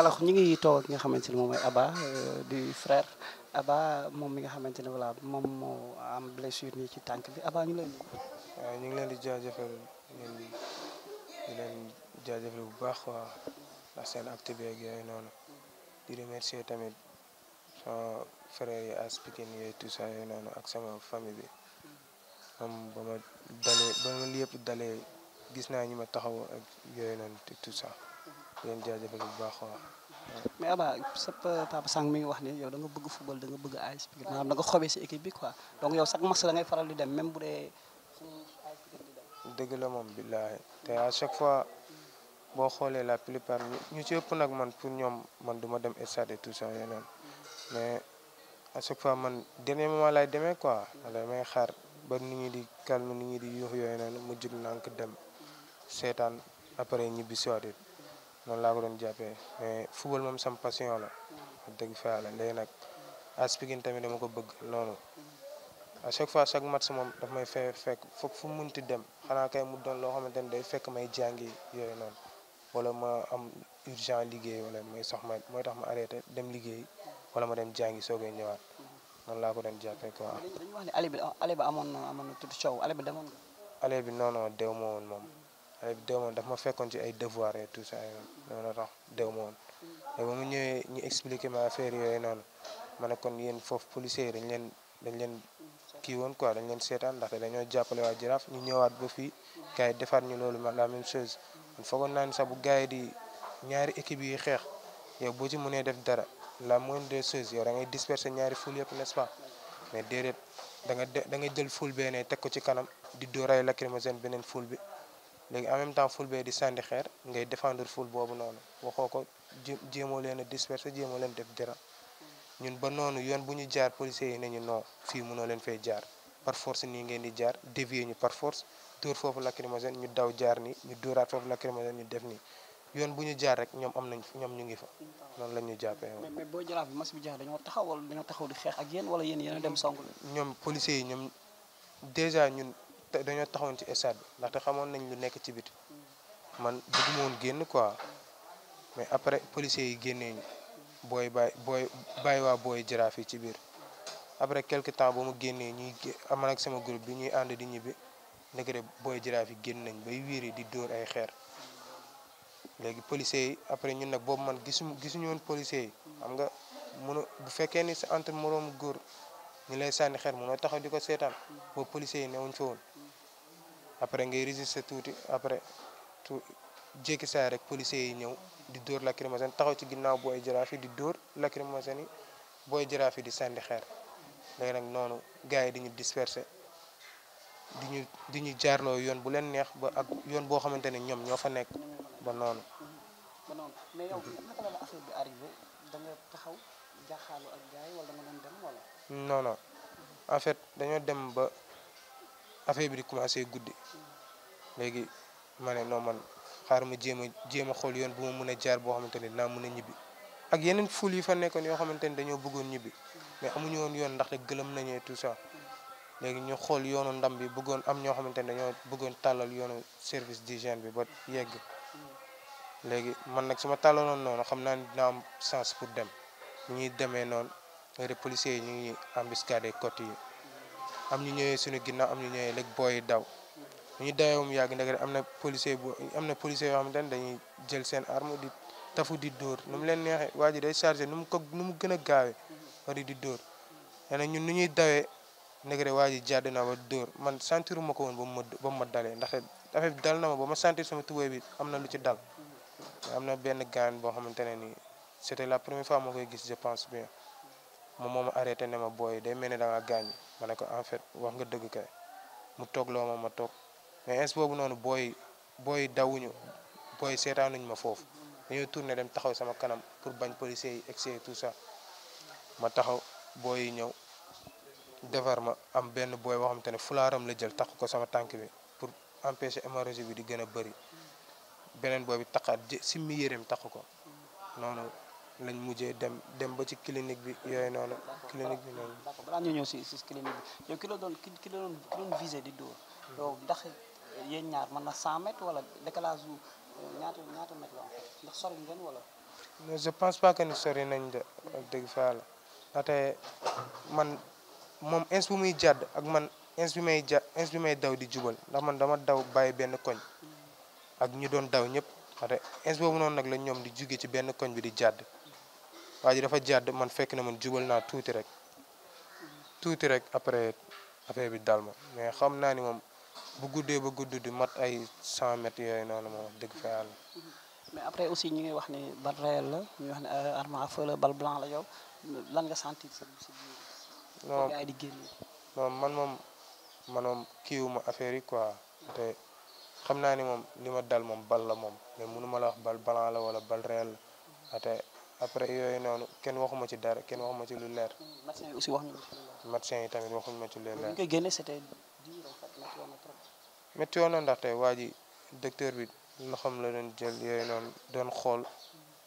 alors ñu ngi toog ak nga xamante ne moom mooy Abba euh, di frère Abba moom mi nga xamante ne voilà moom moo am blessure nii ci tànk bi Abba ñu leen waaw euh, ñu ngi leen di jaajëfal leen di bu baax waa ndax seen acte yooyu noonu di remercier tamit sama frère yi as yooyu tout noonu ak sama famille bi moom ba ma dalee gis naa ñi ma taxaw ak yooyu noonu tout ça leen jaajëfal bu baax waaw. mais Aba sa papa Sang mi ngi wax ne yow da nga bëgg football danga bëgg AS Pikine maanaam da nga xobee si équipe bi quoi donc yow chaque match da ngay faral di dem même bu dee suñu la moom billaahi te à chaque fois boo xoolee la plupart ñu ci ëpp nag man pour ñoom man du ma dem stade et tout ça yeneen mais à chaque fois man dernier moment lay demee quoi da may xaar ba nit ñi di calme ni ñi di yuux yooyu noonu mu jug nànk dem seetaan après ñibbi si waat noonu laa ko doon jàppee mais football moom sam passion la wax dëgg fa yàlla léegi nag AS Pikine tamit dama ko bëgg noonu à chaque fois chaque match moom daf may fe fekk foog fu munti dem xanaa kay mu doon loo xamante ni day fekk may jàngi yooyu noonu wala ma am urgent liggéey wala may sax ma mooy tax ma arrêté dem liggéey wala ma dem jàngi soogay ñëwaat noonu laa ko doon jàppee quoi. dañu wax ne bi amoon na amoon na tuuti coow ale bi demoon bi non non dew moom. avec demoon daf ma fekkoon ci ay devoir et tout ça noonu la tax dew ma woon te ba mu ma affaire yooyu noonu ma ne kon yéen foofu policiers yi dañ leen dañ leen kii woon quoi dañ leen seetaan ndaxte dañoo jàppale waa Jaraaf ñu ñëwaat ba fii gars yi defaat ñu loolu man la même chose man foogoon naa ne bu gars yi di ñaari équipe xeex yow boo ci mënee def dara la moindre des choses yow da ngay disperser ñaari foule yëpp n'est-ce pas mais déedéet da nga da nga jël foule bee ne ko ci kanam di dóor ay lacrymogène beneen foule bi léegi en même temps ful bee di sànni xeer ngay défendre ful boobu noonu waxoo ko jéemoo leen a disperser jéemoo leen def dara ñun ba noonu yoon bu ñu jaar policiers yi ne ñu non fii mënoo leen fay jaar par force nii ngeen di jaar dévier ñu par force dóor foofu lacrymogène ñu daw jaar nii ñu dóoraat foofu lacrymogène ñu def nii yoon bu ñu jaar rek ñoom am nañ ñoom ñu ngi fa noonu la ñu jàppee woon. mais mais boo jaraaf bi mas bi jaar dañoo taxaw wala dañoo taxaw di xeex ak te dañoo taxawoon ci stade bi ndaxte xamoon nañ lu nekk ci biti man bëgguma woon génn quoi mais après policiers yi génnee ñu booy bàyyi booy bàyyi waa booy jaraaf yi ci biir après quelque temps ba mu génnee ñuy man ak sama groupe bi ñuy ànd di ñibbi ndekete booy jaraaf yi génn nañ bay wiiri di dóor ay xeer léegi policiers après ñun nag boobu man gisu gisuñu woon policiers yi xam nga mënu bu fekkee ni sa entre moroom góor ñu lay sànni xeer mënoo taxaw di ko seetaan boobu policiers yi newuñ fa après ngay résister tuuti après tu jékki saa rek policier yi ñëw di dóor lacrymogène taxaw ci ginnaaw booy jaraaf yi di dóor lacrymogène yi booy jaraaf yi di sànni xeer léegi nag noonu gars yi dañu disperser di ñu di ñu jaarloo yoon bu leen neex ba ak yoon boo xamante ne ñoom ñoo fa nekk ba noonu. ba noonu mais da taxaw jaaxaalu ak gars en fait dañoo dem ba. affaire bi di commencé guddi léegi ma ne non man xaar ma jéem a jéem a xool yoon bu ma mën a jaar boo xamante ne dinaa mën a ñibbi ak yeneen ful yi fa nekkoon yoo xamante ne dañoo bëggoon ñibbi amuñu woon yoon ndaxte gëlëm nañu tout ça léegi ñu xool yoonu ndam bi bëggoon am ñoo xamante ne dañoo bëggoon tàllal yoonu service d'hygiène bi ba yegg léegi man nag su ma tàllaloon noonu xam naa ne dina am sens pour dem ñuy demee noonu heure policiers yi ñu ngi embuscade côté yi. am ñu ñëwee suñu ginnaaw am ñu ñëwee léegi booy daw bu ñu dawee mu yàgg nag am na policier bu am na policier yoo xam ne dañuy jël seen arme di tafu di dóor nu mu leen neexee waa ji day chargé nu mu ko nu mu gën a gaawee wari di dóor te ñun nu ñuy dawee nag waa ji jàdd naa ba dóor man sentiruma ma ko woon ba mu ma ba mu ma dalee ndaxte affaire dal na ma ba ma sentir sama tubéy bi am na lu ci dal am na benn gaan boo xamante ne nii c'était la première fois moo koy gis je pense bien moom moo arrêté ne ma booy day mel ne da ngaa gaañ ma ne ko en fait wax nga dëgg kay mu toog loo ma ma toog mais ins boobu noonu booy booy dawuñu booy seetaanuñ ma foofu dañoo tourné dem taxaw sama kanam pour bañ policiers yi excès tout ça ma taxaw booy ñëw defar ma am benn booy boo xamante ne fulaaram la jël takk ko sama tànk bi pour empêcher hémorragie bi di gën a bëri beneen booy bi takkaat simmi yéreem takk ko noonu lañ mujjee dem dem ba ci clinique bi yooyu noonu. clinique bi noonu. d'accord balaa ñu ñëw si si clinique bi yow ki la doon ki ki la doon visé di dóor. yow ndax yéen ñaar mën na 100 wala décalage bu euh, ñaata ñaata wala. je pense pas que nañ de ak dëgg fa man moom ins bu muy jàdd ak man ins bi may ja ins may daw di jubal ndax man dama daw bàyyi benn koñ ak ñu doon daw ñëpp ndaxte ins boobu noonu nag lañ ñoom di jugee ci benn koñ bi di jàdd waa ji dafa jàdd man fekk na man jubal naa tuuti rek rek après affaire bi daal ma mais xam naa ni moom bu guddee ba gudd di mat ay 100 mètres yooyu noonu ma wax dëgg fa mais après aussi ñu ngi wax ni bal réel la ñu wax ne arme à bal blanc la yow lan nga sentir sa man moom man moom kiiwuma affaire yi quoi xam naa ni moom li ma moom bal la moom mais mënu la wax bal blanc la wala bal réel la après yooyu noonu kenn waxuma ci dara kenn waxuma ci lu leer. médecin yi aussi wax ñu médecin yi tamit waxuñu ma ci lu leer. bu ñu koy génnee ndaxte waa ji docteur bi loxoom la doon jël yooyu noonu doon xool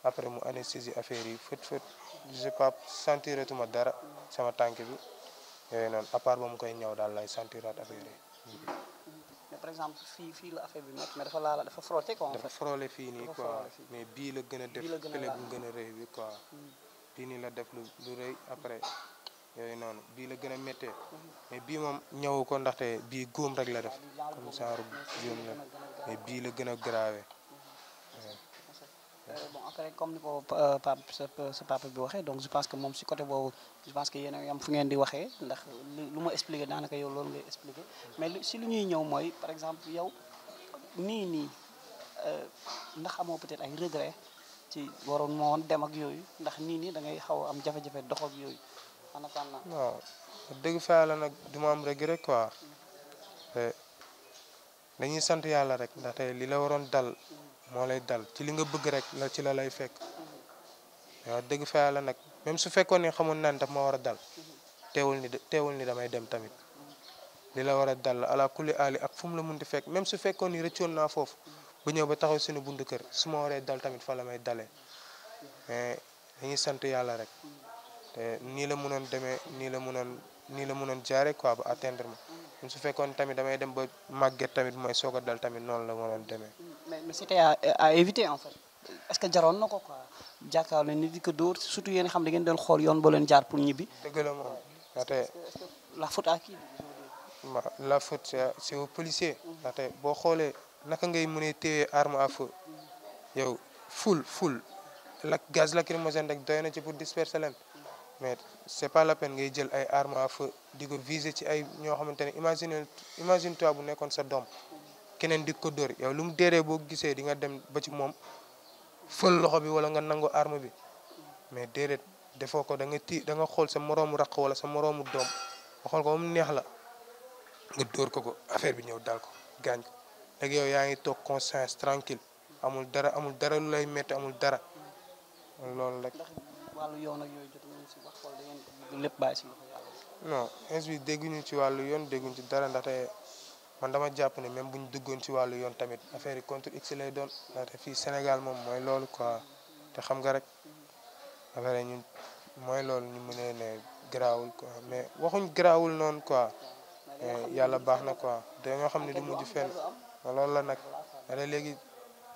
après mu anesthésie affaire yi fët fët je pas sentiratuma dara sama tànk bi yooyu noonu à part ba mu koy ñëw daal lay sentiraat affaire yi. par exemple fii fii la affaire bi dafa laala dafa frotté quoi. dafa fii nii quoi mais bii la gën a def fële bu gën a rëy bi quoi. bii hmm. nii la def lu rëy après hmm. yooyu noonu bii la gën a méttee hmm. mais bii moom ñëwu ko ndaxte bii góom rek la def comme genre góom la mais bii la gën a gravé. bon après comme ni ko pap sa papa bi waxee donc je pense que moom si côté boobu je pense que yéen a fu ngeen di waxee ndax lu ma expliqué daanaka yow loolu ngay expliqué mais si lu ñuy ñëw mooy par exemple yow nii nii euh, ndax amoo peut-être ay regret ci waroon moo woon dem ak yooyu ndax nii nii da ngay xaw am jafe-jafe dox ak yooyu en attendant. waaw fa nag du ma am regret quoi mm-hmm. eh, dañuy sant yàlla rek ndaxte li la waroon dal. Mm-hmm. moo lay dal ci li nga bëgg rek ci la lay fekk waaw dëgg fa yàlla nag même su fekkoon ni xamoon naan daf ma war a dal teewul ni teewul ni damay dem tamit li la war a dal ala kulli aali ak fu mu la munti fekk même su fekkoon ni rëccoon naa foofu bu ñëw ba taxaw suñu buntu kër su ma waree dal tamit fa la may dalee mais dañuy sant yàlla rek te nii la mënoon demee nii la mënoon nii la mënoon jaare quoi ba atteindre ma su fekkoon tamit damay dem ba màgget tamit mooy soog dal tamit noonu la mënoon demee mais c'était à, éviter en fait est-ce que jaroon na ko quoi jàkkaarloo leen ni di ko surtout yéen xam da ngeen doon xool yoon boo leen jaar pour ñibbi. dëgg la moom ndaxte. la faute à qui. la faute c'est policier. boo xoolee naka ngay mënee téye arme à feu. yow ful ful la gaz lacrymogène rek doy na ci pour disperser leen. mais c'est pas la peine ngay jël ay armes à feu di ko viser ci ay ñoo xamante ne imagine imagine bu nekkoon sa doom. keneen di ko dóor yow lu mu déeree boo gisee dinga dem ba ci moom fël loxo bi wala nga nangu arme bi mais déedéet defoo ko danga ti danga xool sa moroomu raq wala sa moroomu doom nga xool ko mu neex la nga dóor ko ko affaire bi ñëw dal ko gaañ ko léegi yow yaa ngi toog conscience tranquille amul dara amul dara lay métti amul dara loolu rek. yoon ak yooyu jot nañu si wax ci wàllu yoon dégguñu ci dara ndaxte man dama jàpp ne même bu ñu duggoon ci wàllu yoon tamit affaire yi contre x lay doon fii Sénégal moom mooy loolu quoi te xam nga rek affaire yi mooy loolu ñu mënee ne garaawul quoi mais waxuñ garaawul noon quoi yàlla baax na quoi dañoo xam ne du mujj fenn loolu la nag da léegi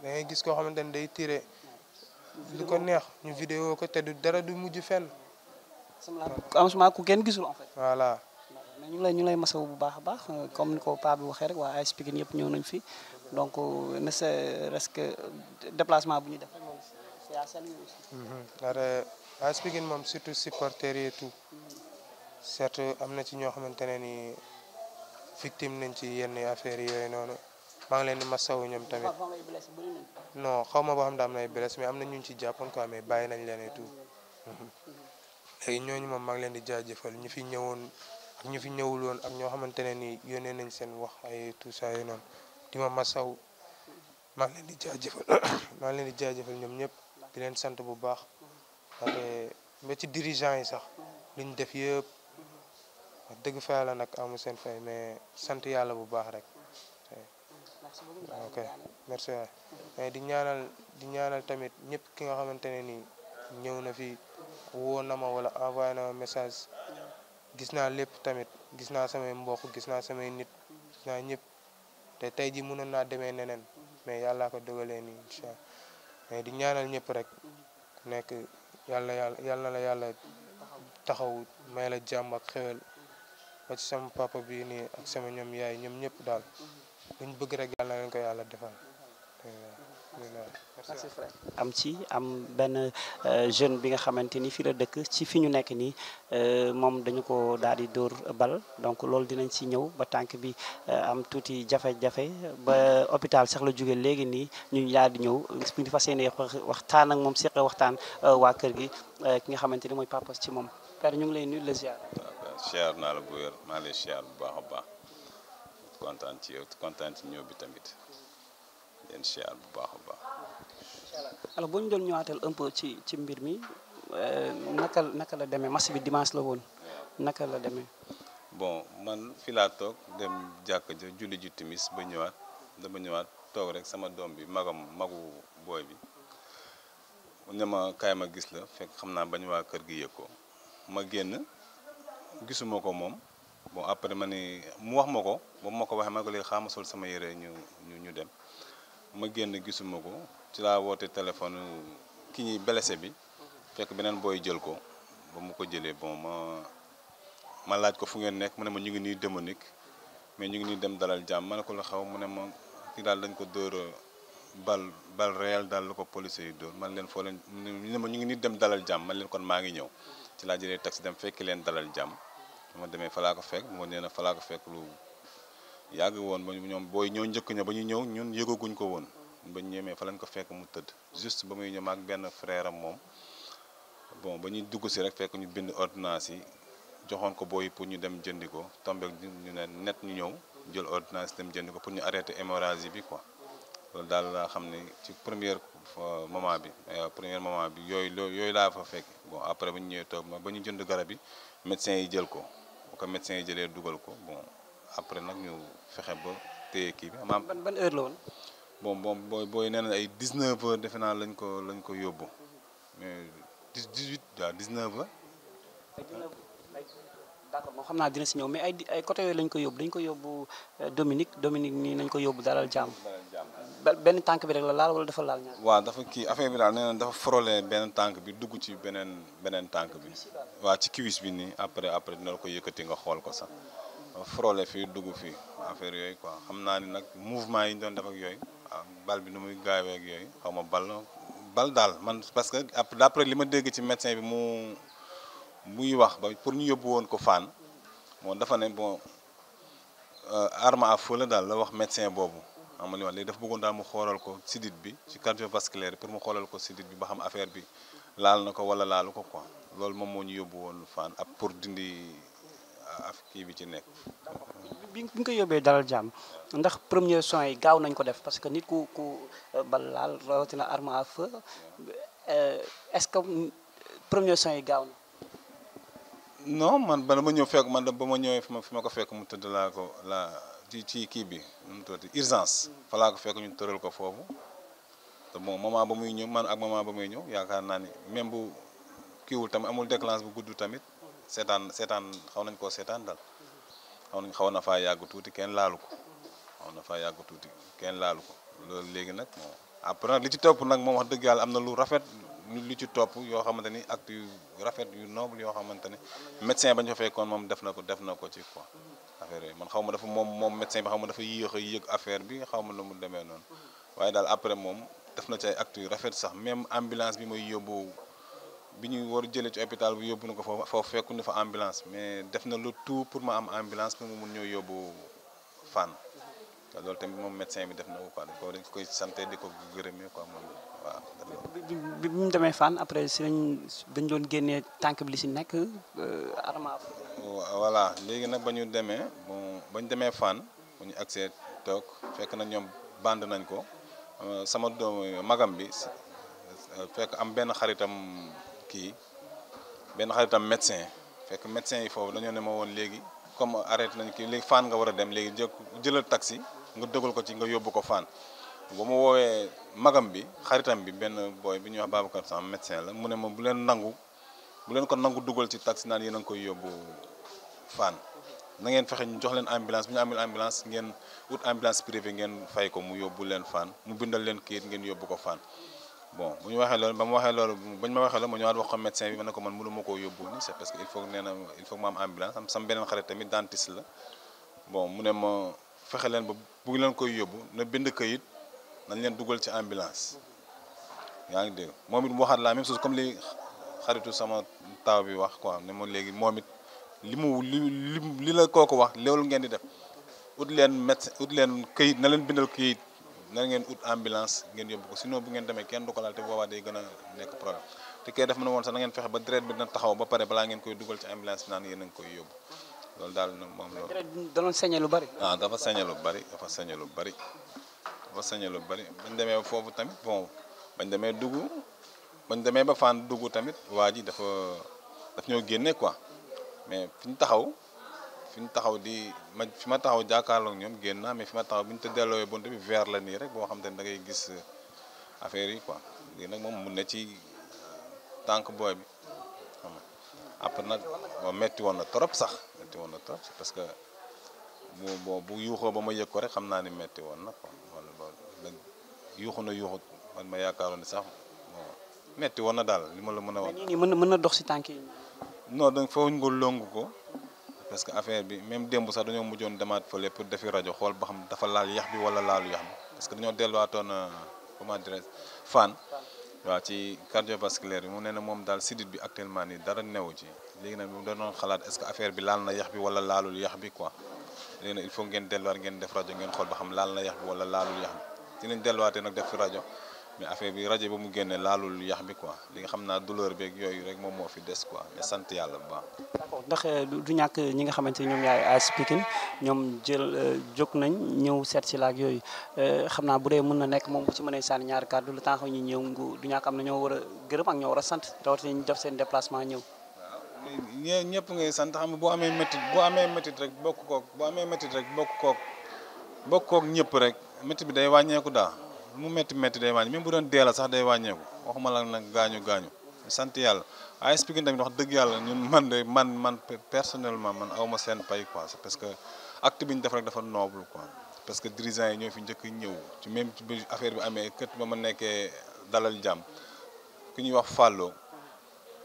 da ngay gis koo xamante ne day tiré li ko neex ñu vidéo ko te du dara du mujj fenn. en ku kenn gisul en fait. voilà. ñu ngi lay ñu lay masawu bu baax a baax euh, comme ni ko paa bi waxee rek waa AS Pikine yëpp ñëw nañ fi donc euh, ne serait-ce que euh, déplacement bu ñu def c'est à mm-hmm. moom surtout supporters yi et mm-hmm. am na ci ñoo xamante ne ni victime nañ ci yenn affaires yooyu noonu maa leen di ñoom tamit non xaw ma boo xam ne am na ay mais am na ñu ci jàppoon ko mais bàyyi nañ leen et tout mm-hmm. léegi ñooñu moom maa leen di jaajëfal ñu fi ñëwoon. ak ñu fi ñëwul woon ak ñoo xamante ne nii yónnee nañ seen wax ay tout noonu di ma masaw maa maa ngi leen di jaajëfal ñoom ñëpp di leen sant bu baax ndaxte ba ci yi sax liñ def yëpp wax dëgg fa nag amu seen fay mais sant yàlla bu baax rek di ñaanal di ñaanal tamit ñëpp ki nga xamante ne nii ñëw na fi woo na ma wala envoyé na ma message gis naa lépp tamit gis naa samay mbokk gis naa samay nit gis naa ñëpp te tey ji mënoon naa demee neneen mais yàllaa ko dogalee nii incha mais di ñaanal ñëpp rek nekk yàlla yàlla yàlla la yàlla taxaw may la jàmm ak xewel ba ci sama papa bii nii ak sama ñoom yaay ñoom ñëpp daal luñ bëgg rek yàlla na leen ko yàlla defal am ci am benn euh, jeune bi nga xamante ni fi la dëkk ci fi ñu nekk nii euh, moom dañu ko daal di dóor bal donc loolu dinañ ci ñëw ba tànk bi euh, am tuuti jafe-jafe ba hôpital sax la jóge léegi nii ñu daal di ñëw di fas yéene waxtaan ak moom seq waxtaan waa kër gi ki nga xamante ni mooy papa ci moom père ñu ngi lay nuyu la ziar. baax a baax kontaan yow kontaan ñëw bi tamit. leen bu baax a baax. alors boo ñu doon ñëwaatal un ci ci mbir mi euh, naka naka la demee match bi dimanche la woon naka la demee. bon man fi toog dem jàkka ja julli ji timis ba ñëwaat dama ñëwaat toog rek sama doom bi magam magu booy bi ne ma kaay ma gis la fekk xam naa bañ waa kër gi yëg ko ma génn gisuma ko moom bon après ma ni mu wax ma ko moom ma ko waxee ma ko léegi xaama sol sama yére ñu ñu ñu dem. ma génn gisuma ko ci laa woote téléphone ki ñuy blessé bi fekk beneen booy jël ko ba mu ko jëlee bon ma ma laaj ko fu ngeen nekk mu ne ma ñu ngi nii démonique mais ñu ngi nuy dem dalal jàmm ma ne ko la xaw mu ne ma ki daal dañ ko dóor euh, bal bal réel daal la ko police yi man leen foo ma ñu ngi nuy dem dalal jàmm man leen kon maa ngi ñëw ci laa jëlee taxi dem fekki leen dalal jàmm ma demee falaa ko fekk mu nee na falaa ko fekk lu yàgg woon ba ñoom booy ñoo njëkk ña ba ñu ñëw ñun yëgaguñ ko woon ba ñu ñemee fa lañ ko fekk mu tëdd juste ba muy ñëw ak benn frère am moom bon ba ñuy dugg si rek fekk ñu bind ordinance yi joxoon ko booy pour ñu dem jëndi ko tombeek ñu ne net ñu ñëw jël ordonnance dem jëndi ko pour ñu arrêter hémorragie bi quoi daal laa xam ne ci première euh, moment bi euh, première moment bi yooyu yooyu laa fa fekk bon après ba ñu ñëwee toog ma ba ñu jënd garab yi médecin yi jël ko bu ko médecin yi jëlee dugal ko après nag ñu fexe ba téye kii bi. maam ban ban heure la woon. bon moom booy booy nee na ay 19 heures defe naa lañ ko lañ ko yóbbu mais 18 waaw xam naa dina si ñëw mais ay côté lañ ko yóbbu dañ ko yóbbu euh, Dominique Dominique nii nañ ko yóbbu dalal jàmm. benn tànk bi rek la laal wala dafa laal waa dafa kii affaire bi daal nee na dafa frôlé benn tànk bi dugg ci beneen beneen tànk bi. waaw ci cuisse bi nii après après dina ko yëkkati nga xool ko sax. frôlé fii dugg fii affaire yooyu quoi xam naa ni nag mouvement yi ñu doon def ak yooyu bal bi nu muy gaawee ak yooyu xaw ma bal bal daal man parce que d'après li ma dégg ci médecin bi mu muy wax ba pour ñu yóbbu woon ko faan moo dafa ne bon euh, arme à feu daal la wax médecin boobu xam nga li wax léegi dafa bëggoon daal mu xoolal ko sidit bi ci cardiovasculaire pour mu xoolal ko sidit bi ba xam affaire bi laal na ko wala laalu ko quoi loolu moom moo ñu pour dindi af kii bi ci nekk. bi ñu ko yóbbee dalal jàmm ndax premier soins yi gaaw nañ ko def parce que nit ku ku bal laal rawatina arme à feu euh, est-ce que premier soins yi gaaw na. non man ba ma ñëw fekk man ba ma ñëwee fi ma fi ma ko fekk mu tëdd laa ko laa ci ci kii bi nu mu tuddati urgence. fa laa ko fekk ñu tëral ko foofu te bon moment ba muy ñëw man ak moment ba muy ñëw yaakaar naa ni même bu kiiwul tamit amul déclenche bu gudd tamit. seetaan seetaan xaw nañ koo seetaan dal xaw nañ na faa yàgg tuuti kenn laalu ko xaw na faa yàgg tuuti kenn laalu ko loolu léegi nag moom après nag li ci topp nag moom wax dëgg yàlla am na lu rafet lu ci topp yoo xamante ni acte yu rafet yu noble yoo xamante ni médecin bañ fa fekkoon moom def na ko def na ko ci quoi affaire yooyu man xaw ma dafa moom moom médecin bi xaw ma dafa yéex a yëg affaire bi xaw ma nu mu demee noonu waaye daal après moom def na ci ay yu rafet sax même ambulance bi mooy yóbbu bi ñu war jëlee ci hôpital bi yóbbu na ko foofu foofu fekku ne fa ambulance mais def na lu tout pour ma am ambulance pour mu mun ñëw yóbbu Fann loolu tamit moom médecin bi def na ko ko koy santé di ko gërëmee quoi moom waaw. bi bi ñu demee Fann après si lañ dañ doon génnee tànk bi li si nekk euh, arma. léegi nag ba ñu demee bon ba demee Fann bu ñu accès toog fekk na ñoom band nañ ko euh, sama doom magam bi fekk am benn xaritam. kii benn xaritam médecin fekk médecin yi foofu dañoo ne ma woon léegi comme arrêté nañ kii léegi Fann nga war a dem léegi jë jëlal taxi nga dëgal ko ci nga yóbbu ko Fann ba mu woowee magam bi xaritam bi benn booy bi ñuy wax Babacar Sam médecin la mu ne ma bu leen nangu bu leen ko nangu dugal ci taxi naan yéen a ngi koy yóbbu Fann na ngeen fexe ñu jox leen ambulance bu ñu amul ambulance ngeen wut ambulance privée ngeen fay ko mu yóbbu leen Fann mu bindal leen kayit ngeen yóbbu ko Fann bon bu ñu waxee loolu ba mu waxee loolu ba ñu ma waxee loolu ma ñëwaat wax ko médecin bi ma ne ko man mënu ma koo yóbbu ni c'est parce que il faut nee na il faut ma am ambulance am sama beneen xarit tamit dentiste la bon mu ne ma fexe leen ba bu leen koy yóbbu na bind kayit nañ leen dugal ci ambulance yaa ngi dégg moom it mu waxaat la même chose comme li xaritu sama taaw bi wax quoi ne ma léegi moom it li mu li li li la kooku wax loolu ngeen di def ut leen médecin ut leen kayit na leen bindal kayit nar ngeen ut ambulance ngeen yóbbu ko sinon bu ngeen demee kenn du ko laal te boobaa day gën a nekk problème te kee def na woon sax na fexe ba deret bi dina taxaw ba pare balaa ngeen koy dugal ci ambulance naan yéen a koy yóbbu loolu daal moom loolu. deret bi lu bari. ah dafa sañe lu bari dafa sañe lu bari dafa sañe lu bari bañ demee foofu tamit bon bañ demee dugg bañ demee ba faan dugg tamit waa ji dafa daf ñoo génnee quoi mais fi ñu taxaw. fi ñu taxaw di ma ma taxaw jàkkaarloo ñoom génn naa fi ma taxaw bi ñu te dellooyee bunt bi vert la nii rek boo xam ne da ngay gis euh, affaire yi quoi léegi nag moom mun na ci euh, tànk booy bi nag moom woon na trop sax métti woon na trop parce que bu bu bu yuuxoo ba ma yëg rek xam naa ni métti woon na quoi wala na yuuxu man ma yaakaaroon ni sax bon woon na daal li ma la mën a wax. mën na dox si tànk yi. non donc foofu longu ko. parce que affaire bi même démb sax dañoo mujjoon demaat fële pour defi rajo xool ba xam dafa laal yax bi wala laalu yax bi parce que dañoo delluwaatoon euh, comment dirais fan waa ci cardiovasculaire bi mu ne na moom daal sidit bi actuellement nii dara new ci léegi nag mu doon xalaat est ce bi laal na yax bi wala laalul yax bi quoi léegi nag il faut ngeen def rajo ngeen xool ba xam laal na yax bi wala laalul yax bi ci delluwaatee nag def fi rajo mais affaire bi rajo ba mu génne laalul yax bi quoi li nga xam naa douleur beeg yooyu rek moom moo fi des quoi mais sant yàlla bu baax. ndax euh, du ñàkk ñi nga xamante ni ñoom yaay AS Pikine ñoom jël euh, jóg nañ ñëw seet si laak yooyu euh, xam naa bu dee mën na nekk moom bu ci mënee sànni ñaari kàddu lu tax ñu ñëw du ñàkk am na ñoo war a gërëm a sant rawatina ñu def seen déplacement ñëw. ñëpp nga sant xam nga boo amee métit boo amee métit rek bokk kook boo amee métit rek bokk kook bokk ñëpp rek métit bi day wàññeeku daa mu métti métti day wàññi même bu doon deela sax day wàññeeku waxuma la nag gaañu gaañu sant yàlla AS Pikine tamit wax dëgg yàlla ñun man de man man personnellement man awma seen pay quoi parce que acte bi ñu def rek dafa noble quoi parce que dirigeants yi ñoo fi njëkk ñëw ci même bi affaire bi amee kët ba ma nekkee dalal jàmm ku ñuy wax fàlloo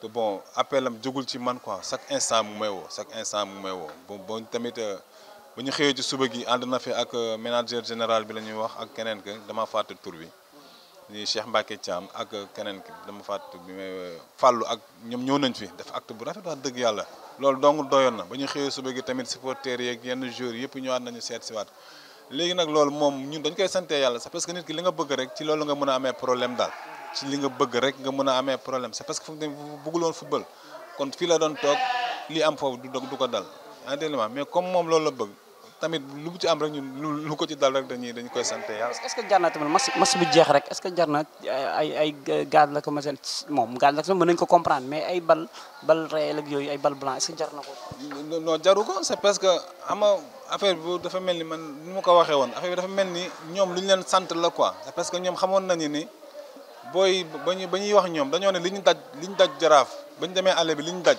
te bon appel am jógul ci man quoi chaque instant mu may woo chaque instant mu may woo bon tamit euh, bu ñu xëyee ci suba gi ànd na fi ak euh, manager général bi la ñuy wax ak keneen ke dama fàtte tur bi ñuy Cheikh Mbacke Thiam ak euh, keneen ki dama fàtte bi may euh, fàllu ak ñoom ñëw nañ fi def acte bu rafet wax dëgg yàlla loolu dong doyoon na ba ñu xëyee suba gi tamit supporters yeeg yenn joueurs yëpp ñëwaat nañu seet si waat léegi nag loolu moom ñun dañ koy santee yàlla c'est parce que nit ki li nga bëgg rek ci loolu nga mën a amee problème daal ci li nga bëgg rek nga mën a amee problème c'est parce que fu mu bëgguloon football kon la doon toog li am foofu du du ko dal en mais comme moom loolu la bëgg tamit lu ci am rek ñun lu ko ci dal rek dañuy dañ koy sant yàlla. est-ce que jar na tamit mas mas bu jeex rek est-ce que jar na euh, ay ay gaz la ko machine moom gaz la ko mën nañu ko comprendre mais ay bal bal réel ak yooyu ay bal blanc est-ce que jar na ko. non jaru ko c'est parce que ama affaire bi dafa mel ni man ni ma ko waxee woon affaire bi dafa mel ni ñoom lu ñu leen sant la quoi c'est parce que ñoom xamoon nañu ni booy ba ñuy ba ñuy wax ñoom dañoo ne li ñu daj li ñu daj jaraaf ba ñu demee àll bi li ñu daj.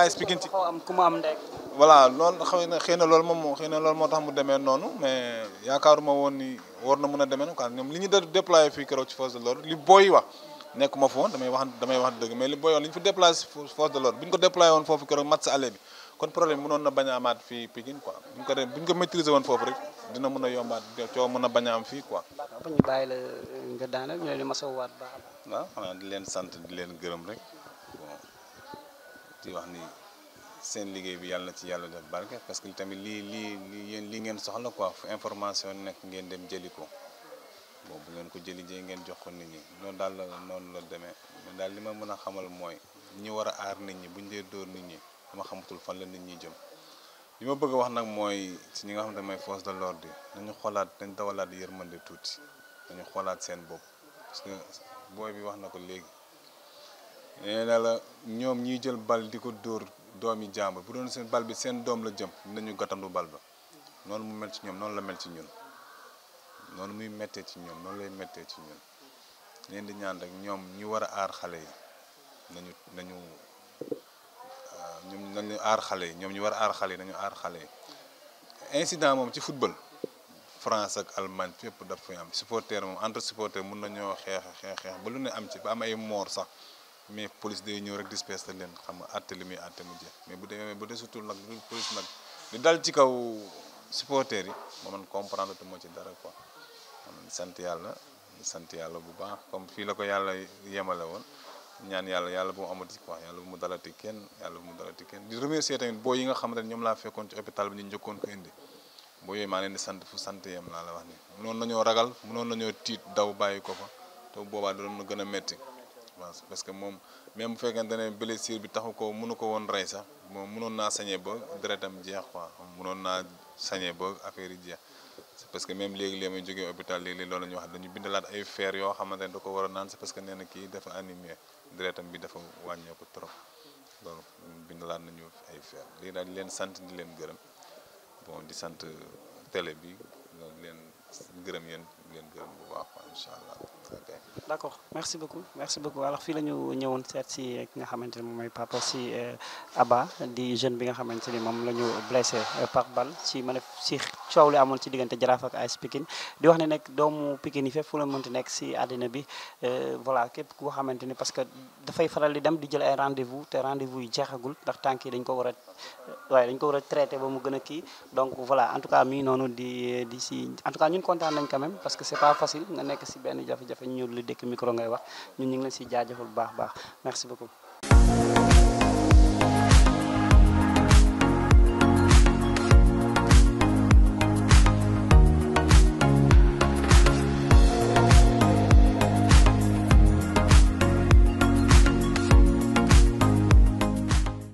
AS Pikine ci am ku mu am ndek voilà loolu xëy na moom moo xëy na loolu moo tax mu demee noonu mais yaakaaruma woon ni war na mën a demee noonu quoi ñoom li ñu déployé fii keroog ci force de l'ordre li booy wax nekk ma fa woon damay wax damay wax dëgg mais li booy wax li ñu fa déplacé force de l'ordre bi ñu ko déployé woon foofu keroog match aller bi kon problème mënoon na bañ a amaat fii Pikine quoi bu ñu ko bu ñu ko maîtriser woon foofu rek dina mën a yombaat coow mën a bañ a am fii quoi. waaw ñu bàyyi la nga daanaka leen di masawu waat baax a baax. waaw xanaa leen sant di leen gërëm rek. di wax ni seen liggéey bi yàlla na ci yàlla def barke parce que tamit lii lii lii yéen lii ngeen soxla ko fu information nekk ngeen dem jëli ko boobu ngeen ko jëli jee ngeen jox ko nit ñi noonu daal la noonu la demee mais daal li ma mën a xamal mooy ñi war a aar nit ñi buñ dee dóor nit ñi dama xamatul fan la nit ñi jëm. li ma bëgg wax nag mooy si ñi nga xam ne mooy force de l'ordre nañu xoolaat dañ dawalaat yërmande tuuti dañu xoolaat seen bopp parce que booy bi wax na ko léegi nee la ñoom ñuy jël bal di ko dóor doomi jàmb bu doon seen bal bi seen doom la jëm nañu gàttandu bal ba noonu mu mel ci ñoom noonu la mel ci ñun noonu muy méttee ci ñoom noonu lay mettee ci ñun leen di ñaan rek ñoom ñu war a aar xale yi nañu nañu ah, ñoom nañu aar xale yi ñoom ñu war a aar yi nañu aar xale incident moom ci football France ak Allemagne fépp daf am supporter moom entre supporter mun nañoo xeex xeex xeex ba lu ne am ci ba am ay moor sax mais police day ñëw rek disperse leen xam nga àtte li muy àtte mu jeex mais bu demee bu desutul nag lu police nag li dal ci kaw supporters yi ma man comprendre moo ci dara quoi sant yàlla sant yàlla bu baax comme fii la ko yàlla yemale woon ñaan yàlla yàlla bu mu amati quoi yàlla bu mu dalati kenn yàlla bu mu dalati kenn di remercier tamit boo yi nga xam ne ñoom laa fekkoon ci hôpital bi ñu njëkkoon ko indi boo yooyu maa leen sant fu sant yem laa la wax ni mënoon nañoo ragal mënoon nañoo tiit daw bàyyi ko fa te boobaa doon na gën a métti pense parce que moom même bu fekkente ne blessure bi taxu ko mënu ko woon rey sax moom mënoon naa sañee ba deretam jeex quoi mënoon naa sañee ba affaire yi jeex c'est parce que même léegi lee may jógee hôpital léegi-léeg loolu la ñuy wax dañu bindalaat ay fer yoo xamante ne da ko war a naan c'est parce que nee na kii dafa animé deretam bi dafa wàññeeku trop loolu bindalaat nañu ay fer léegi daal di leen sant di leen gërëm bon di sant télé bi loolu leen gërëm yéen leen gërëm bu baax incha allah. d' accord merci beaucoup merci beaucoup alors ñëwoon seet nga xamante ni moom mooy papa si euh, Aba di jeune bi nga xamante ni moom la ñu blessé euh, par balle si mën a si coow li amoon si diggante Jaraaf ak AS Pikine di wax ne nekk doomu Pikine yi fépp fu la mënti nekk si àddina bi euh, voilà képp koo xamante ni parce que dafay faral di dem di jël ay rendez vous te rendez yi jeexagul ndax tànk yi dañ ko war a waaye dañ ko war a traité ba mu gën a kii donc voilà en tout cas c'est pas facile nga nekk si benn jafe-jafe ñu li dëkk micro ngay wax ñu ngi leen si jaajëfal bu baax baax merci beaucoup